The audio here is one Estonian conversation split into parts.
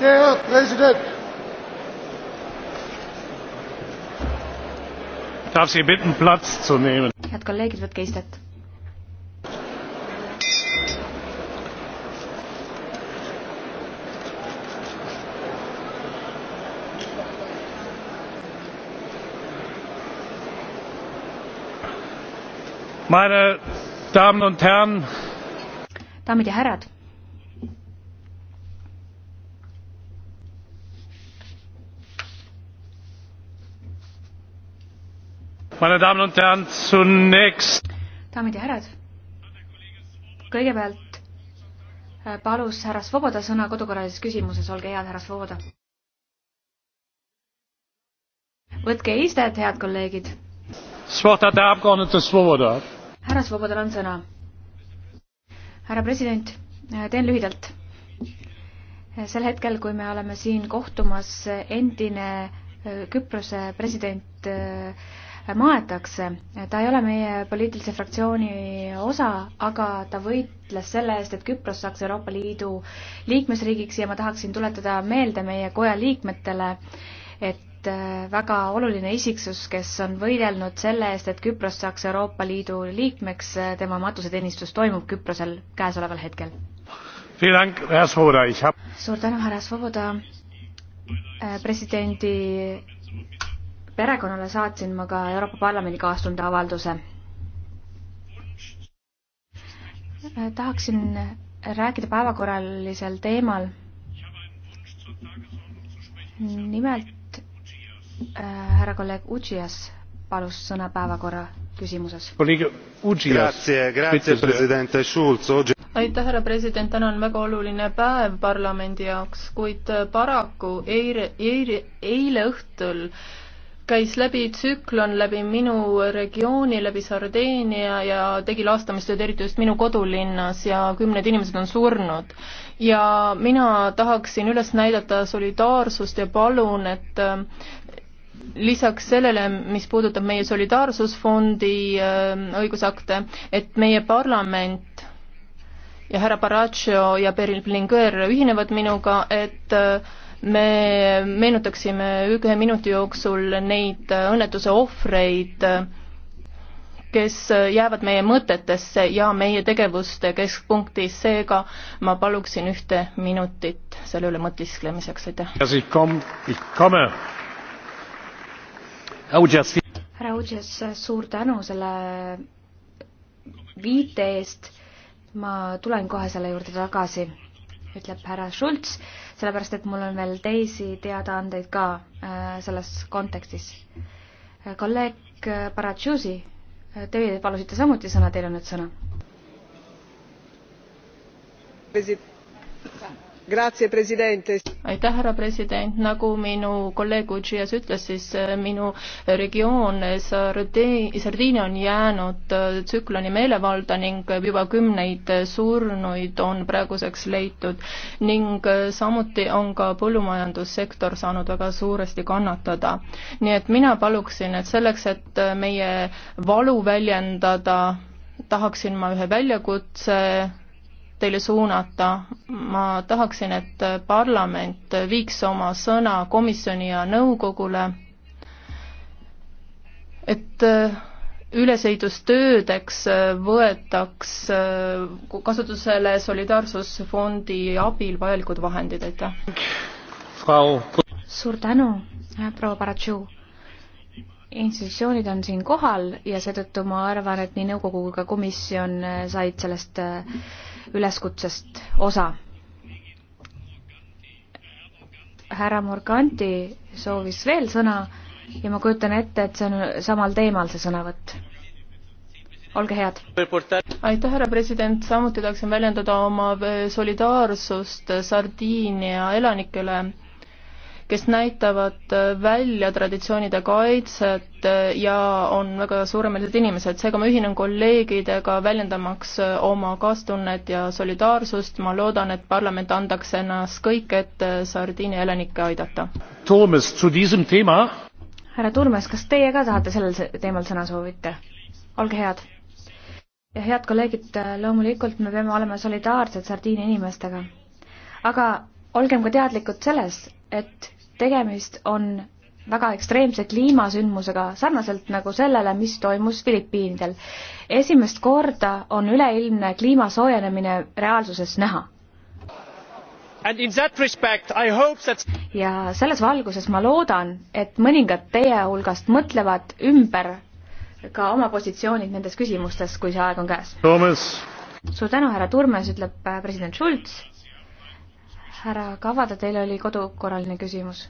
Der Präsident! Darf Sie bitten, Platz zu nehmen? Head kolleegid, võtke istet. Meine Damen und Herren! Daamid ja härrad! daamid ja härrad, kõigepealt äh, palus härra Svoboda sõna kodukorralises küsimuses, olge head, härra Svoboda. võtke istet, head kolleegid. härra Svobodal on sõna. härra president, äh, teen lühidalt. Äh, sel hetkel, kui me oleme siin kohtumas endine Küprose president äh, maetakse. ta ei ole meie poliitilise fraktsiooni osa, aga ta võitles selle eest, et Küpros saaks Euroopa Liidu liikmesriigiks ja ma tahaksin tuletada meelde meie koja liikmetele, et äh, väga oluline isiksus, kes on võidelnud selle eest, et Küpros saaks Euroopa Liidu liikmeks, äh, tema matuseteenistus toimub Küprosel käesoleval hetkel. suur tänu, härra Svoboda. Äh, presidendi perekonnale saatsin ma ka Euroopa Parlamendi kaastunde avalduse. tahaksin rääkida päevakorralisel teemal. nimelt äh, härra äh, kolleeg Udžias palus sõna päevakorra küsimuses. aitäh, härra president, täna on väga oluline päev parlamendi jaoks, kuid paraku eile, eile, eile õhtul äh, käis läbi tsüklon läbi minu regiooni, läbi Sardeenia ja tegi laastamistööd eriti just minu kodulinnas ja kümned inimesed on surnud. ja mina tahaksin üles näidata solidaarsust ja palun, et äh, lisaks sellele, mis puudutab meie solidaarsusfondi äh, õigusakte, et meie parlament ja härra Baraccio ja Beryl Blinger ühinevad minuga, et äh, me meenutaksime ühe minuti jooksul neid õnnetuse ohvreid, kes jäävad meie mõtetesse ja meie tegevuste keskpunkti, seega ma paluksin ühte minutit selle üle mõtisklemiseks, aitäh. härra Udžes, suur tänu selle viite eest, ma tulen kohe selle juurde tagasi ütleb härra Schultz, sellepärast et mul on veel teisi teadaandeid ka äh, selles kontekstis. Äh, kolleeg äh, Baratšusi, teie palusite samuti sõna, teil on nüüd sõna aitäh, härra president, nagu minu kolleeg Ujias ütles, siis äh, minu regioon äh, Sardiinia on jäänud äh, tsükloni meelevalda ning juba kümneid surnuid on praeguseks leitud ning samuti on ka põllumajandussektor saanud väga suuresti kannatada. nii et mina paluksin, et selleks, et meie valu väljendada, tahaksin ma ühe väljakutse teile suunata. ma tahaksin, et parlament viiks oma sõna komisjoni ja nõukogule, et äh, ülesehitustöödeks äh, võetaks äh, kasutusele Solidaarsusfondi abil vajalikud vahendid, aitäh! suur tänu, proua Baratšuu! institutsioonid on siin kohal ja seetõttu ma arvan, et nii nõukogu kui ka komisjon äh, said sellest äh, üleskutsest osa. härra Morganti soovis veel sõna ja ma kujutan ette, et see on samal teemal, see sõnavõtt. olge head. aitäh, härra president, samuti tahaksin väljendada oma äh, solidaarsust Sardiinia elanikele kes näitavad äh, välja traditsioonide kaitset äh, ja on väga suuremeelsed inimesed, seega ma ühinen kolleegidega, väljendamaks äh, oma kaastunnet ja solidaarsust, ma loodan, et parlament andaks ennast kõik, et Sardiinia elanikke aidata. härra Turmes, kas teie ka tahate sellel teemal sõna soovite? olge head. ja head kolleegid, loomulikult me peame olema solidaarsed Sardiinia inimestega. aga olgem ka teadlikud selles, et tegemist on väga ekstreemse kliimasündmusega, sarnaselt nagu sellele, mis toimus Filipiinidel. esimest korda on üleilmne kliima soojenemine reaalsuses näha. That... ja selles valguses ma loodan, et mõningad teie hulgast mõtlevad ümber ka oma positsioonid nendes küsimustes, kui see aeg on käes. suur tänu, härra Turmes, ütleb äh, president Schulz härra Kavada, teil oli kodukorraline küsimus.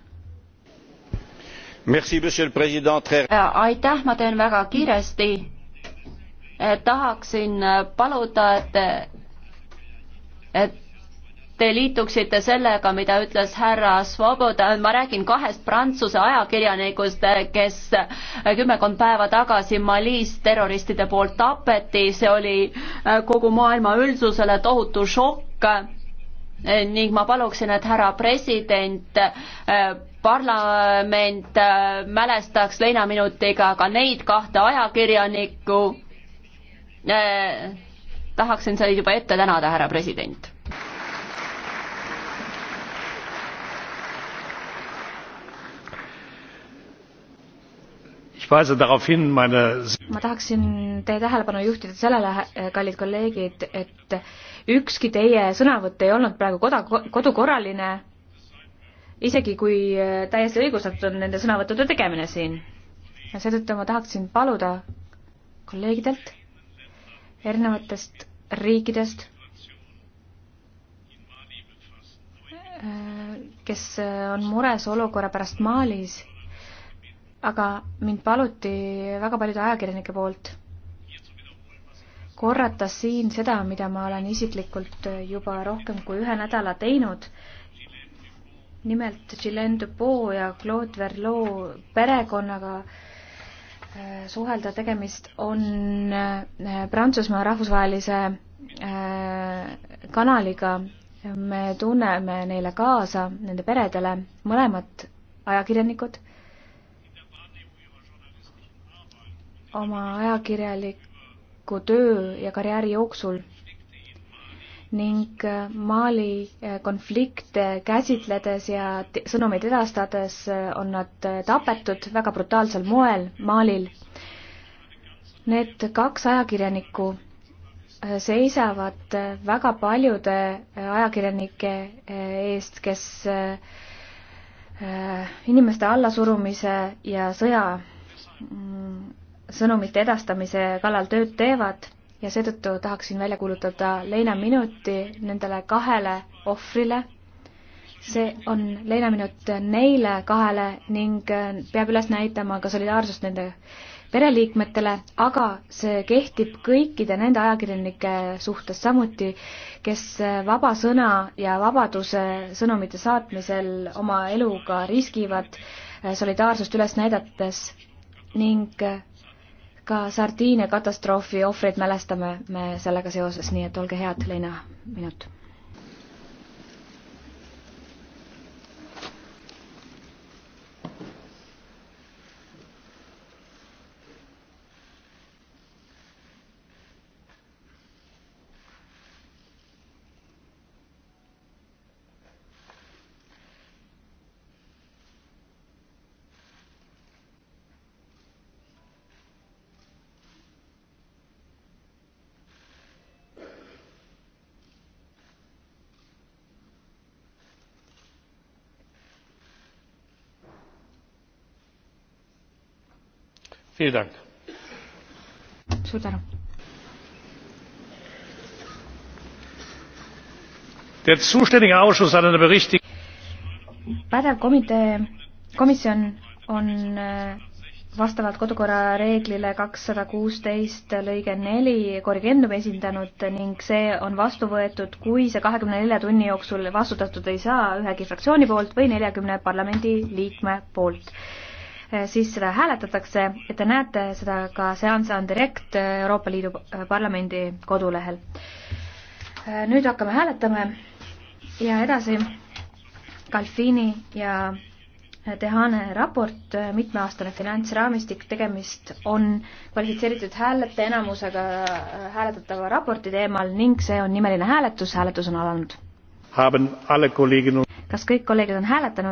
Äh, aitäh, ma teen väga kiiresti. Äh, tahaksin äh, paluda, et, et te liituksite sellega, mida ütles härra Svoboda, ma räägin kahest Prantsuse ajakirjanikust, kes kümmekond päeva tagasi Malis terroristide poolt tapeti, see oli kogu maailma üldsusele tohutu šokk Eh, ning ma paluksin, et härra president, eh, parlament eh, mälestaks leinaminutiga ka neid kahte ajakirjanikku. tahaksin teid juba ette tänada, härra president ich weise darauf hin meine ma tahaksin teie tähelepanu juhtida sellele, kallid kolleegid, et ükski teie sõnavõtt ei olnud praegu koda, kodukorraline, isegi kui täiesti õigustatud on nende sõnavõttude tegemine siin. ja seetõttu ma tahaksin paluda kolleegidelt erinevatest riikidest, kes on mures olukorra pärast Malis aga mind paluti väga paljude ajakirjanike poolt korrata siin seda, mida ma olen isiklikult juba rohkem kui ühe nädala teinud. nimelt Gilles Dupont ja Claude Verlot perekonnaga äh, suhelda, tegemist on äh, Prantsusmaa rahvusvahelise äh, kanaliga. me tunneme neile kaasa, nende peredele, mõlemad ajakirjanikud oma ajakirjaliku töö ja karjääri jooksul ning äh, Mali äh, konflikte käsitledes ja sõnumeid edastades äh, on nad tapetud väga brutaalsel moel Malil. Need kaks ajakirjanikku seisavad väga paljude ajakirjanike eest, kes inimeste allasurumise ja sõja mm, sõnumite edastamise kallal tööd teevad ja seetõttu tahaksin välja kuulutada leinaminuti nendele kahele ohvrile. see on leinaminut neile kahele ning peab üles näitama ka solidaarsust nende pereliikmetele, aga see kehtib kõikide nende ajakirjanike suhtes samuti, kes vaba sõna ja vabaduse sõnumite saatmisel oma eluga riskivad solidaarsust üles näidates ning ka Sardiinia katastroofi ohvreid mälestame me sellega seoses, nii et olge head, Leina, minut suur tänu. pädev komitee, komisjon on äh, vastavalt kodukorra reeglile kakssada kuusteist lõige neli korrigendum esindanud ning see on vastu võetud, kui see kahekümne nelja tunni jooksul vastutatud ei saa ühegi fraktsiooni poolt või neljakümne parlamendiliikme poolt Eh, siis seda hääletatakse ja te näete seda ka seanss on direkt eh, Euroopa Liidu eh, Parlamendi kodulehel. nüüd hakkame hääletama ja edasi Galfini ja Tehane raport, mitmeaastane finantsraamistik, tegemist on kvalifitseeritud häälete enamusega hääletatava raporti teemal ning see on nimeline hääletus, hääletus on alanud. kas kõik kolleegid on hääletanud?